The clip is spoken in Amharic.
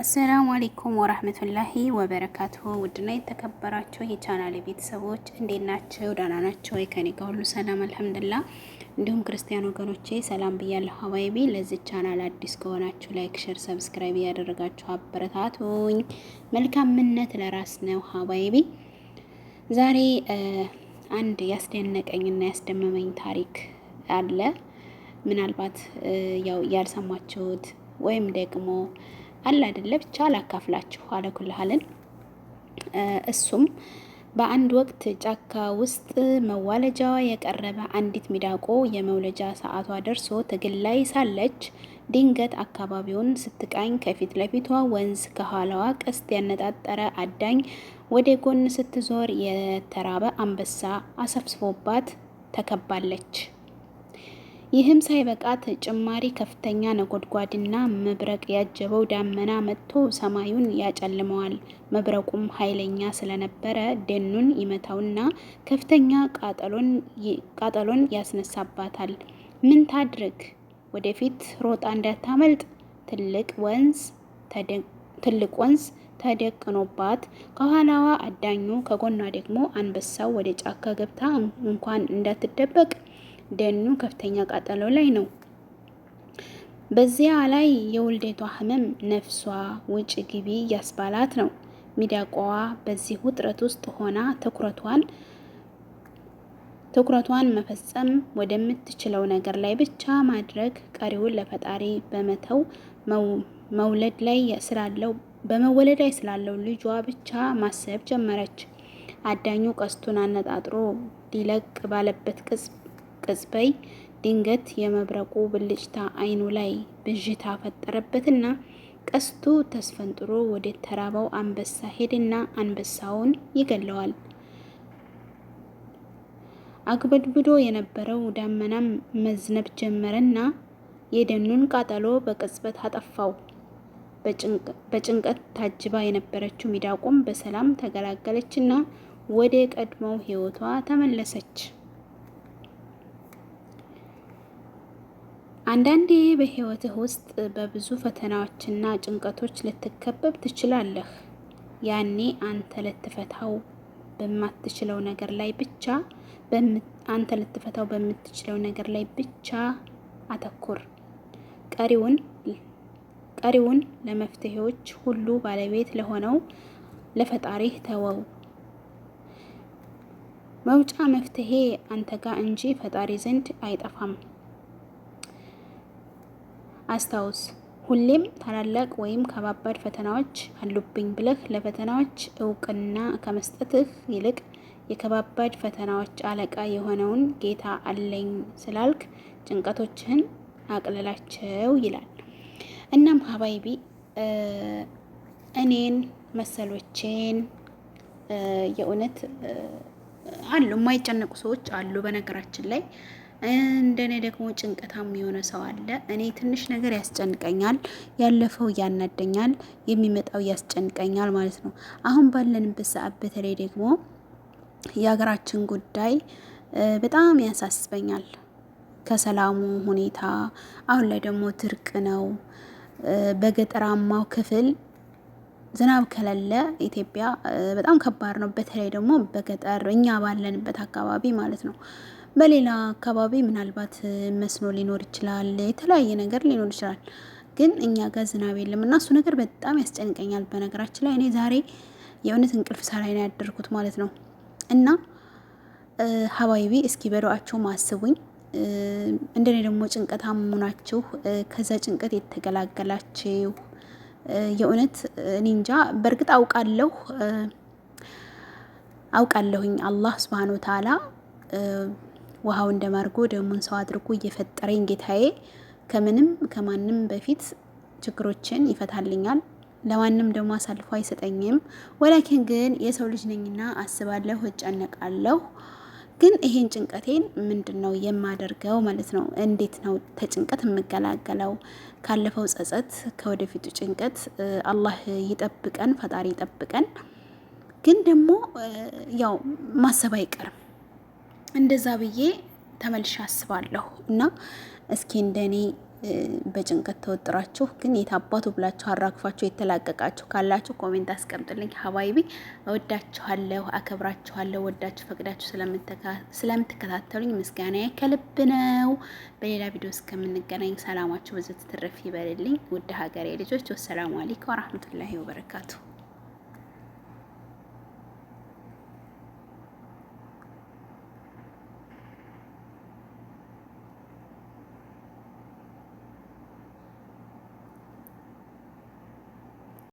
አሰላሙ አሌይኩም ወራህመቱላሂ ወበረካቱሁ። ውድና የተከበራችሁ የቻናል ቤተሰቦች እንዴት ናቸው? ደህና ናቸው ወይ? ከኔ ጋር ሁሉ ሰላም አልሐምዱላ። እንዲሁም ክርስቲያን ወገኖቼ ሰላም ብያለሁ። ሀባይቢ ለዚህ ቻናል አዲስ ከሆናችሁ ላይክ፣ ሸር፣ ሰብስክራይብ ያደረጋችሁ አበረታቱኝ። መልካምነት ለራስ ነው ሀባይቢ። ዛሬ አንድ ያስደነቀኝና ያስደመመኝ ታሪክ አለ። ምናልባት ያው ያልሰማችሁት ወይም ደግሞ አለ አይደለ ብቻ አላካፍላችሁ አለኩልሃልን እሱም በአንድ ወቅት ጫካ ውስጥ መዋለጃዋ የቀረበ አንዲት ሚዳቆ የመውለጃ ሰዓቷ ደርሶ ትግል ላይ ሳለች ድንገት አካባቢውን ስትቃኝ ከፊት ለፊቷ ወንዝ፣ ከኋላዋ ቀስት ያነጣጠረ አዳኝ፣ ወደ ጎን ስትዞር የተራበ አንበሳ አሰብስቦባት ተከባለች። ይህም ሳይበቃ ተጨማሪ ከፍተኛ ነጎድጓድና መብረቅ ያጀበው ዳመና መጥቶ ሰማዩን ያጨልመዋል። መብረቁም ኃይለኛ ስለነበረ ደኑን ይመታውና ከፍተኛ ቃጠሎን ያስነሳባታል። ምን ታድርግ? ወደፊት ሮጣ እንዳታመልጥ ትልቅ ወንዝ ተደቅኖባት ከኋላዋ አዳኙ፣ ከጎኗ ደግሞ አንበሳው ወደ ጫካ ገብታ እንኳን እንዳትደበቅ ደኑ ከፍተኛ ቃጠሎ ላይ ነው። በዚያ ላይ የውልደቷ ህመም ነፍሷ ውጭ ግቢ እያስባላት ነው። ሚዳቋዋ በዚህ ውጥረት ውስጥ ሆና ትኩረቷን ትኩረቷን መፈጸም ወደምትችለው ነገር ላይ ብቻ ማድረግ፣ ቀሪውን ለፈጣሪ በመተው መውለድ ላይ ስላለው በመወለድ ላይ ስላለው ልጇ ብቻ ማሰብ ጀመረች። አዳኙ ቀስቱን አነጣጥሮ ሊለቅ ባለበት ቅጽ በዝበይ ድንገት የመብረቁ ብልጭታ አይኑ ላይ ብዥታ ፈጠረበትና ቀስቱ ተስፈንጥሮ ወደ ተራበው አንበሳ ሄድና አንበሳውን ይገለዋል። አግበድብዶ የነበረው ዳመናም መዝነብ ጀመረና የደኑን ቃጠሎ በቅጽበት አጠፋው። በጭንቀት ታጅባ የነበረችው ሚዳቁም በሰላም ተገላገለችና ወደ ቀድሞው ሕይወቷ ተመለሰች። አንዳንዴ በህይወትህ ውስጥ በብዙ ፈተናዎችና ጭንቀቶች ልትከበብ ትችላለህ። ያኔ አንተ ልትፈታው በማትችለው ነገር ላይ ብቻ አንተ ልትፈታው በምትችለው ነገር ላይ ብቻ አተኩር። ቀሪውን ቀሪውን ለመፍትሄዎች ሁሉ ባለቤት ለሆነው ለፈጣሪህ ተወው። መውጫ መፍትሄ አንተ ጋር እንጂ ፈጣሪ ዘንድ አይጠፋም። አስታውስ። ሁሌም ታላላቅ ወይም ከባባድ ፈተናዎች አሉብኝ ብለህ ለፈተናዎች እውቅና ከመስጠትህ ይልቅ የከባባድ ፈተናዎች አለቃ የሆነውን ጌታ አለኝ ስላልክ ጭንቀቶችህን አቅልላቸው ይላል። እናም ሀባይቢ እኔን መሰሎቼን የእውነት አሉ፣ የማይጨነቁ ሰዎች አሉ በነገራችን ላይ እንደኔ ደግሞ ጭንቀታም የሆነ ሰው አለ። እኔ ትንሽ ነገር ያስጨንቀኛል፣ ያለፈው ያናደኛል፣ የሚመጣው ያስጨንቀኛል ማለት ነው። አሁን ባለንበት ሰዓት በተለይ ደግሞ የሀገራችን ጉዳይ በጣም ያሳስበኛል። ከሰላሙ ሁኔታ አሁን ላይ ደግሞ ድርቅ ነው። በገጠራማው ክፍል ዝናብ ከሌለ ኢትዮጵያ በጣም ከባድ ነው። በተለይ ደግሞ በገጠር እኛ ባለንበት አካባቢ ማለት ነው። በሌላ አካባቢ ምናልባት መስኖ ሊኖር ይችላል፣ የተለያየ ነገር ሊኖር ይችላል። ግን እኛ ጋር ዝናብ የለም እና እሱ ነገር በጣም ያስጨንቀኛል። በነገራችን ላይ እኔ ዛሬ የእውነት እንቅልፍ ሳላይ ነው ያደርኩት ማለት ነው እና ሀባይቢ እስኪ በዶአቸው ማስቡኝ እንደኔ ደግሞ ጭንቀት አሙናችሁ ከዛ ጭንቀት የተገላገላችሁ የእውነት እኔ እንጃ። በእርግጥ አውቃለሁ አውቃለሁኝ አላህ ስብሃነ ወተዓላ ውሃው እንደማርጎ ደሙን ሰው አድርጎ እየፈጠረኝ ጌታዬ ከምንም ከማንም በፊት ችግሮችን ይፈታልኛል። ለማንም ደግሞ አሳልፎ አይሰጠኝም። ወላኪን ግን የሰው ልጅ ነኝና አስባለሁ፣ እጨነቃለሁ። ግን ይሄን ጭንቀቴን ምንድን ነው የማደርገው ማለት ነው? እንዴት ነው ተጭንቀት የምገላገለው? ካለፈው ጸጸት፣ ከወደፊቱ ጭንቀት አላህ ይጠብቀን፣ ፈጣሪ ይጠብቀን። ግን ደግሞ ያው ማሰብ አይቀርም። እንደዛ ብዬ ተመልሼ አስባለሁ እና እስኪ እንደኔ በጭንቀት ተወጥራችሁ ግን የታባቱ ብላችሁ አራግፋችሁ የተላቀቃችሁ ካላችሁ ኮሜንት አስቀምጡልኝ። ሀባይቢ እወዳችኋለሁ፣ አከብራችኋለሁ። ወዳችሁ ፈቅዳችሁ ስለምትከታተሉኝ ምስጋና ከልብ ነው። በሌላ ቪዲዮ እስከምንገናኝ ሰላማችሁ ብዙ ትትረፍ ይበልልኝ። ውድ ሀገሬ ልጆች ወሰላሙ አለይኩም ወራህመቱላሂ ወበረካቱሁ።